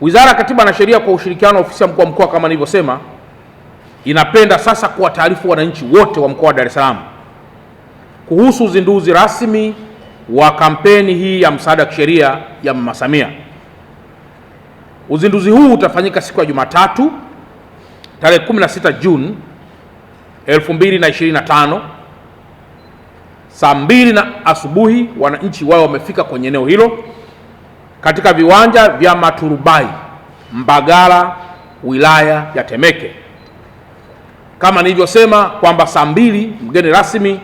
Wizara ya Katiba na Sheria kwa ushirikiano wa ofisi ya mkuu wa mkoa kama nilivyosema, inapenda sasa kuwataarifu wananchi wote wa mkoa wa Dar es Salaam kuhusu uzinduzi rasmi wa kampeni hii ya msaada wa kisheria ya Mama Samia. Uzinduzi huu utafanyika siku ya Jumatatu tarehe 16 Juni 2025 saa mbili na asubuhi, wananchi wao wamefika kwenye eneo hilo katika viwanja vya Maturubai Mbagala, wilaya ya Temeke, kama nilivyosema kwamba saa mbili mgeni rasmi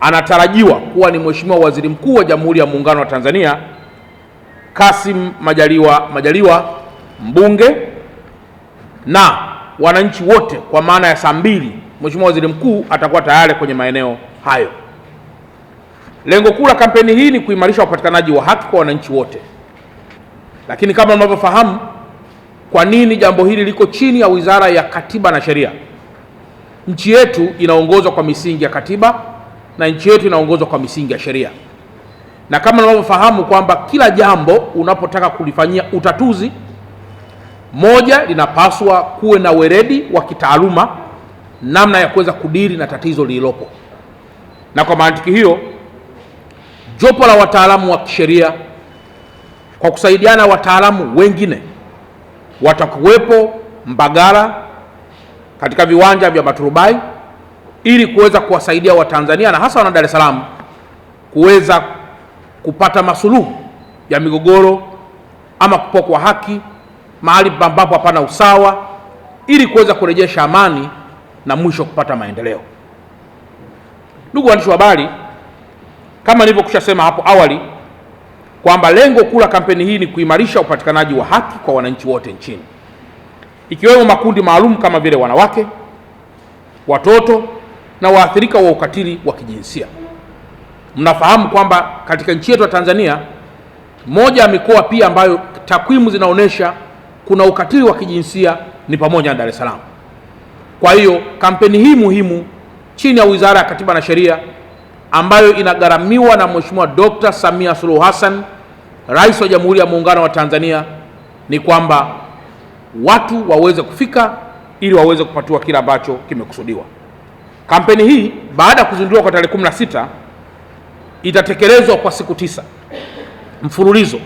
anatarajiwa kuwa ni Mheshimiwa Waziri Mkuu wa Jamhuri ya Muungano wa Tanzania Kassim Majaliwa Majaliwa mbunge, na wananchi wote, kwa maana ya saa mbili Mheshimiwa Waziri Mkuu atakuwa tayari kwenye maeneo hayo. Lengo kuu la kampeni hii ni kuimarisha upatikanaji wa haki kwa wananchi wote. Lakini kama mnavyofahamu, kwa nini jambo hili liko chini ya Wizara ya Katiba na Sheria? Nchi yetu inaongozwa kwa misingi ya katiba na nchi yetu inaongozwa kwa misingi ya sheria, na kama mnavyofahamu kwamba kila jambo unapotaka kulifanyia utatuzi, moja, linapaswa kuwe na weledi wa kitaaluma, namna ya kuweza kudiri na tatizo lililopo, na kwa mantiki hiyo jopo la wataalamu wa kisheria kwa kusaidiana wataalamu wengine watakuwepo Mbagala katika viwanja vya Maturubai ili kuweza kuwasaidia Watanzania na hasa wana Dar es Salaam kuweza kupata masuluhu ya migogoro ama kupokwa haki mahali ambapo hapana usawa ili kuweza kurejesha amani na mwisho kupata maendeleo. Ndugu waandishi wa habari, kama nilivyokusha sema hapo awali kwamba lengo kuu la kampeni hii ni kuimarisha upatikanaji wa haki kwa wananchi wote nchini, ikiwemo makundi maalum kama vile wanawake, watoto na waathirika wa ukatili wa kijinsia. Mnafahamu kwamba katika nchi yetu ya Tanzania, moja ya mikoa pia ambayo takwimu zinaonyesha kuna ukatili wa kijinsia ni pamoja na Dar es Salaam. Kwa hiyo kampeni hii muhimu chini ya Wizara ya Katiba na Sheria ambayo inagharamiwa na Mheshimiwa Dr. Samia Suluhu Hassan, Rais wa Jamhuri ya Muungano wa Tanzania, ni kwamba watu waweze kufika ili waweze kupatiwa kile ambacho kimekusudiwa. Kampeni hii baada ya kuzinduliwa kwa tarehe na sita itatekelezwa kwa siku tisa mfululizo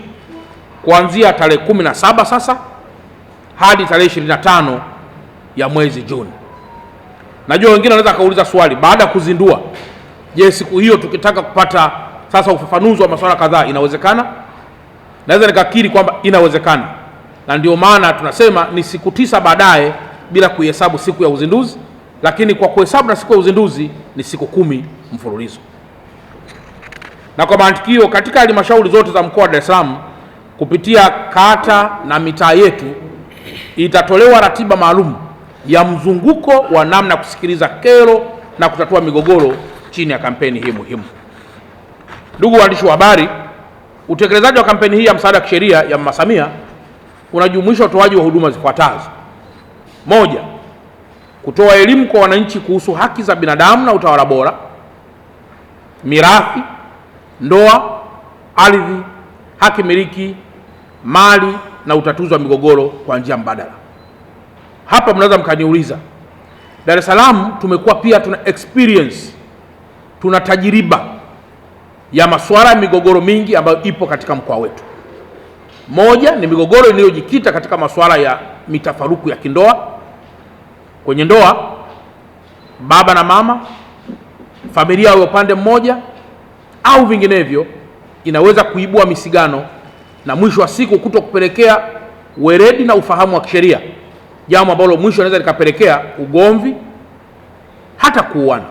kuanzia tarehe na saba sasa hadi tarehe tano ya mwezi Juni. Najua wengine wanaweza akauliza swali baada ya kuzindua Je, siku hiyo tukitaka kupata sasa ufafanuzi wa masuala kadhaa inawezekana? Naweza nikakiri kwamba inawezekana, na ndio maana tunasema ni siku tisa baadaye bila kuihesabu siku ya uzinduzi, lakini kwa kuhesabu na siku ya uzinduzi ni siku kumi mfululizo. Na kwa mantiki hiyo, katika halmashauri zote za mkoa wa Dar es Salaam kupitia kata na mitaa yetu itatolewa ratiba maalum ya mzunguko wa namna ya kusikiliza kero na kutatua migogoro chini ya kampeni hii muhimu. Ndugu waandishi wa habari, utekelezaji wa kampeni hii ya msaada wa kisheria ya Mama Samia unajumuisha utoaji wa huduma zifuatazo: moja, kutoa elimu kwa wananchi kuhusu haki za binadamu na utawala bora, mirathi, ndoa, ardhi, haki miliki, mali na utatuzi wa migogoro kwa njia mbadala. Hapa mnaweza mkaniuliza, Dar es Salaam tumekuwa pia tuna experience tuna tajiriba ya masuala ya migogoro mingi ambayo ipo katika mkoa wetu. Moja ni migogoro inayojikita katika masuala ya mitafaruku ya kindoa, kwenye ndoa, baba na mama, familia ya upande mmoja au vinginevyo, inaweza kuibua misigano na mwisho wa siku kuto kupelekea weledi na ufahamu wa kisheria, jambo ambalo mwisho inaweza likapelekea ugomvi hata kuuana.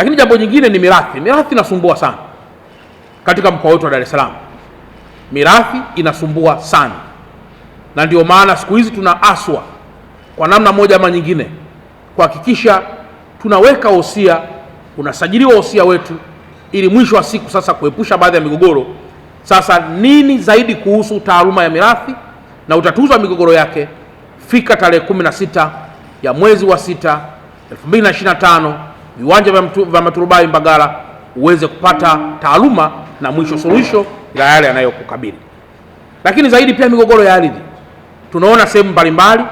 Lakini jambo jingine ni mirathi. Mirathi inasumbua sana katika mkoa wetu wa Dar es Salaam, mirathi inasumbua sana, na ndio maana siku hizi tuna aswa kwa namna moja ama nyingine kuhakikisha tunaweka wosia, unasajiliwa wosia wetu, ili mwisho wa siku sasa kuepusha baadhi ya migogoro. Sasa nini zaidi kuhusu taaluma ya mirathi na utatuzi wa migogoro yake? Fika tarehe 16 ya mwezi wa 6 2025 viwanja vya maturubai Mbagala uweze kupata taaluma na mwisho suluhisho ya yale yanayokukabili. Lakini zaidi pia migogoro ya ardhi, tunaona sehemu mbalimbali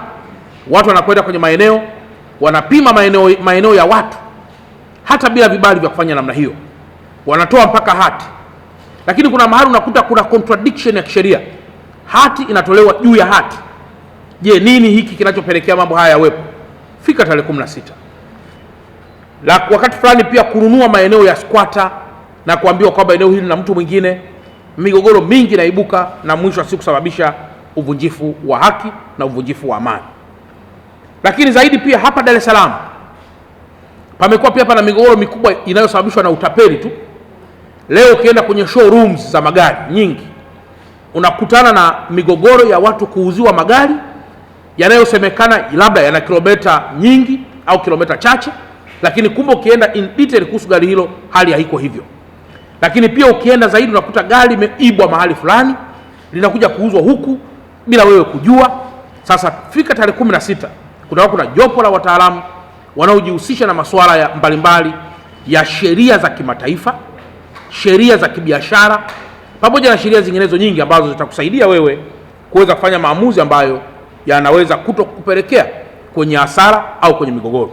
watu wanakwenda kwenye maeneo wanapima maeneo, maeneo ya watu hata bila vibali vya kufanya namna hiyo, wanatoa mpaka hati. Lakini kuna mahali unakuta kuna contradiction ya kisheria, hati inatolewa juu ya hati. Je, nini hiki kinachopelekea mambo haya yawepo? Fika tarehe 16 la wakati fulani pia kununua maeneo ya squatter na kuambiwa kwamba eneo hili na mtu mwingine. Migogoro mingi inaibuka na mwisho wa siku kusababisha uvunjifu wa haki na uvunjifu wa amani. Lakini zaidi pia hapa Dar es Salaam pamekuwa pia pana migogoro mikubwa inayosababishwa na utapeli tu. Leo ukienda kwenye showrooms za magari nyingi unakutana na migogoro ya watu kuuziwa magari yanayosemekana labda yana kilomita nyingi au kilomita chache lakini kumbe ukienda in detail kuhusu gari hilo hali haiko hivyo. Lakini pia ukienda zaidi unakuta gari limeibwa mahali fulani linakuja kuuzwa huku bila wewe kujua. Sasa fika tarehe kumi na sita kuna kuna jopo la wataalamu wanaojihusisha na masuala ya mbalimbali ya sheria za kimataifa, sheria za kibiashara, pamoja na sheria zinginezo nyingi ambazo zitakusaidia wewe kuweza kufanya maamuzi ambayo yanaweza kuto kupelekea kwenye hasara au kwenye migogoro.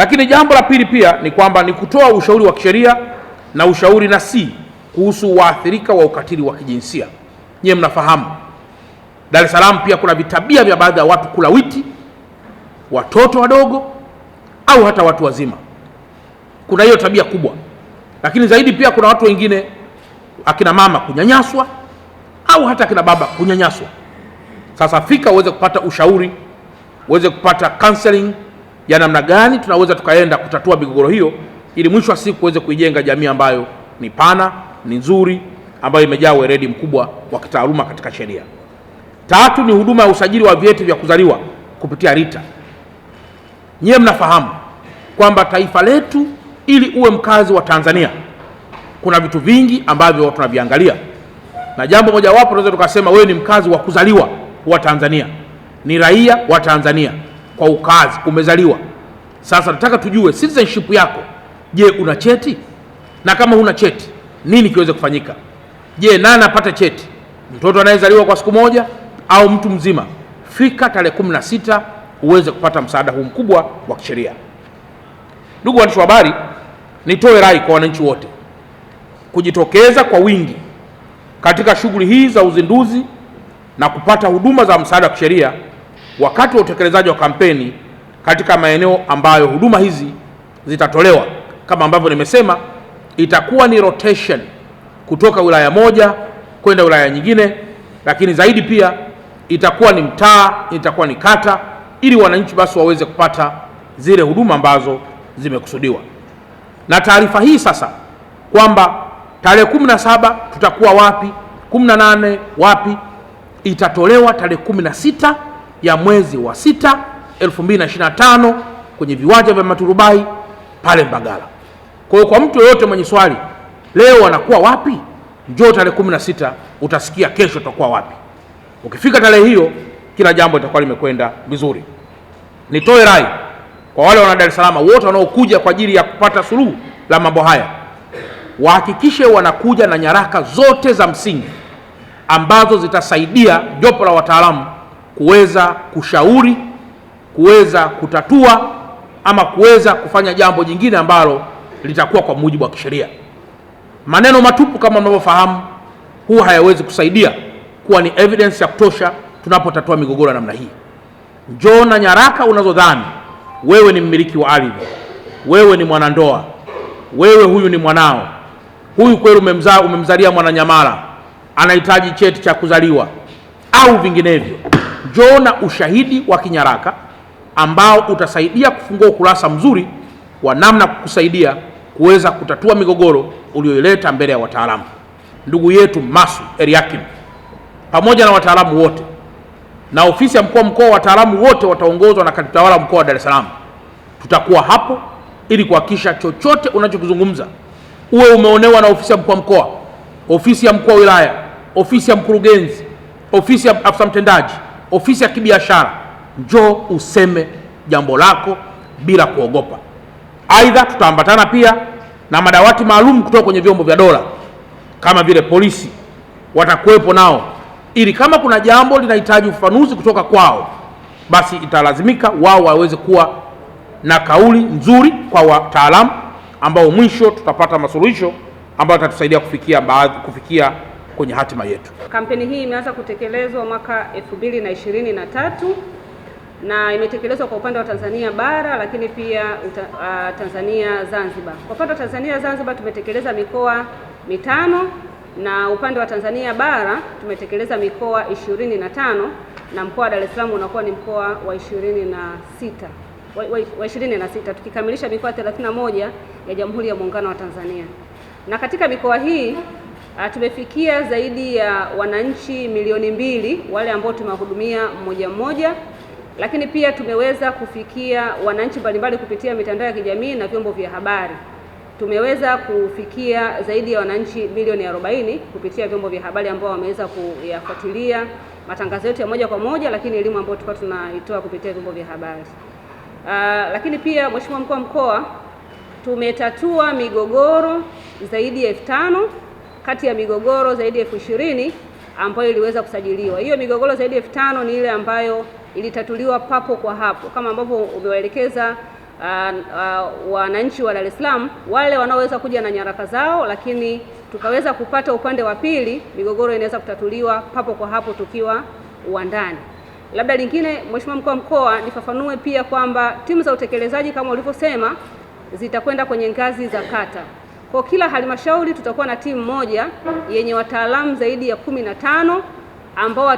Lakini jambo la pili pia ni kwamba ni kutoa ushauri wa kisheria na ushauri nasi kuhusu waathirika wa ukatili wa kijinsia. Nyie mnafahamu Dar es Salaam pia kuna vitabia vya baadhi ya watu kulawiti watoto wadogo au hata watu wazima. Kuna hiyo tabia kubwa, lakini zaidi pia kuna watu wengine, akina mama kunyanyaswa au hata akina baba kunyanyaswa. Sasa fika uweze kupata ushauri, uweze kupata counseling ya namna gani tunaweza tukaenda kutatua migogoro hiyo, ili mwisho wa siku uweze kuijenga jamii ambayo ni pana, ni nzuri, ambayo imejaa weledi mkubwa wa kitaaluma katika sheria. Tatu ni huduma ya usajili wa vyeti vya kuzaliwa kupitia RITA. nyie mnafahamu kwamba taifa letu, ili uwe mkazi wa Tanzania, kuna vitu vingi ambavyo tunaviangalia, na jambo mojawapo tunaweza tukasema wewe ni mkazi wa kuzaliwa wa Tanzania, ni raia wa Tanzania kwa ukazi, umezaliwa. Sasa nataka tujue citizenship yako. Je, una cheti? Na kama huna cheti, nini kiweze kufanyika? Je, nani apate cheti? Mtoto anayezaliwa kwa siku moja au mtu mzima? Fika tarehe kumi na sita uweze kupata msaada huu mkubwa wa kisheria. Ndugu waandishi wa habari, nitoe rai kwa wananchi wote kujitokeza kwa wingi katika shughuli hii za uzinduzi na kupata huduma za msaada wa kisheria wakati wa utekelezaji wa kampeni katika maeneo ambayo huduma hizi zitatolewa. Kama ambavyo nimesema, itakuwa ni rotation kutoka wilaya moja kwenda wilaya nyingine, lakini zaidi pia itakuwa ni mtaa, itakuwa ni kata, ili wananchi basi waweze kupata zile huduma ambazo zimekusudiwa. Na taarifa hii sasa kwamba tarehe kumi na saba tutakuwa wapi, kumi na nane wapi, itatolewa tarehe kumi na sita ya mwezi wa sita 2025 kwenye viwanja vya Maturubai pale Mbagala. Kwa hiyo kwa mtu yoyote mwenye swali leo wanakuwa wapi, njoo tarehe 16, utasikia kesho tutakuwa wapi. Ukifika tarehe hiyo, kila jambo litakuwa limekwenda vizuri. Nitoe rai kwa wale wana Dar es Salaam wote wanaokuja kwa ajili ya kupata suluhu la mambo haya, wahakikishe wanakuja na nyaraka zote za msingi ambazo zitasaidia jopo la wataalamu kuweza kushauri, kuweza kutatua ama kuweza kufanya jambo jingine ambalo litakuwa kwa mujibu wa kisheria. Maneno matupu kama mnavyofahamu, huwa hayawezi kusaidia kuwa ni evidence ya kutosha tunapotatua migogoro ya namna hii. Njoo na nyaraka unazodhani wewe ni mmiliki wa ardhi, wewe ni mwanandoa, wewe huyu ni mwanao, huyu kweli umemzaa, umemzalia mwananyamala, anahitaji cheti cha kuzaliwa au vinginevyo njoo na ushahidi wa kinyaraka ambao utasaidia kufungua ukurasa mzuri wa namna kukusaidia kuweza kutatua migogoro ulioileta mbele ya wataalamu. Ndugu yetu Masu Eriakim pamoja na wataalamu wote na ofisi ya mkuu wa mkoa, wataalamu wote wataongozwa na katibu tawala mkoa wa Dar es Salaam, tutakuwa hapo ili kuhakikisha chochote unachokizungumza uwe umeonewa na ofisi ya mkuu wa mkoa, ofisi ya mkuu wa wilaya, ofisi ya mkurugenzi, ofisi ya afisa mtendaji ofisi ya kibiashara, njoo useme jambo lako bila kuogopa. Aidha, tutaambatana pia na madawati maalum kutoka kwenye vyombo vya dola kama vile polisi, watakuwepo nao, ili kama kuna jambo linahitaji ufafanuzi kutoka kwao, basi italazimika wao waweze kuwa na kauli nzuri kwa wataalamu, ambao mwisho tutapata masuluhisho ambayo yatatusaidia kufikia, kufikia kwenye hatima yetu. Kampeni hii imeanza kutekelezwa mwaka 2023 na na imetekelezwa kwa upande wa Tanzania bara lakini pia uta, uh, Tanzania Zanzibar. Kwa upande wa Tanzania Zanzibar tumetekeleza mikoa mitano na upande wa Tanzania bara tumetekeleza mikoa 25 na na mkoa wa Dar es Salaam unakuwa ni mkoa wa 26 wa, wa ishirini na sita tukikamilisha mikoa 31 ya Jamhuri ya Muungano wa Tanzania. Na katika mikoa hii Ah, tumefikia zaidi ya wananchi milioni mbili wale ambao tumewahudumia mmoja mmoja, lakini pia tumeweza kufikia wananchi mbalimbali kupitia mitandao ya kijamii na vyombo vya habari. Tumeweza kufikia zaidi ya wananchi milioni 40 kupitia vyombo vya habari ambao wameweza kuyafuatilia matangazo yetu ya moja kwa moja, lakini elimu ambayo tulikuwa tunaitoa kupitia vyombo vya habari. Uh, lakini pia Mheshimiwa Mkuu wa Mkoa, tumetatua migogoro zaidi ya elfu tano kati ya migogoro zaidi ya elfu ishirini ambayo iliweza kusajiliwa. Hiyo migogoro zaidi ya elfu tano ni ile ambayo ilitatuliwa papo kwa hapo kama ambavyo umewaelekeza uh, uh, wananchi wa Dar es Salaam wale wanaoweza kuja na nyaraka zao, lakini tukaweza kupata upande wa pili, migogoro inaweza kutatuliwa papo kwa hapo tukiwa uwandani. Labda lingine, Mheshimiwa Mkuu wa Mkoa, nifafanue pia kwamba timu za utekelezaji kama ulivyosema zitakwenda kwenye ngazi za kata. Kwa kila halmashauri tutakuwa na timu moja yenye wataalamu zaidi ya kumi na tano ambao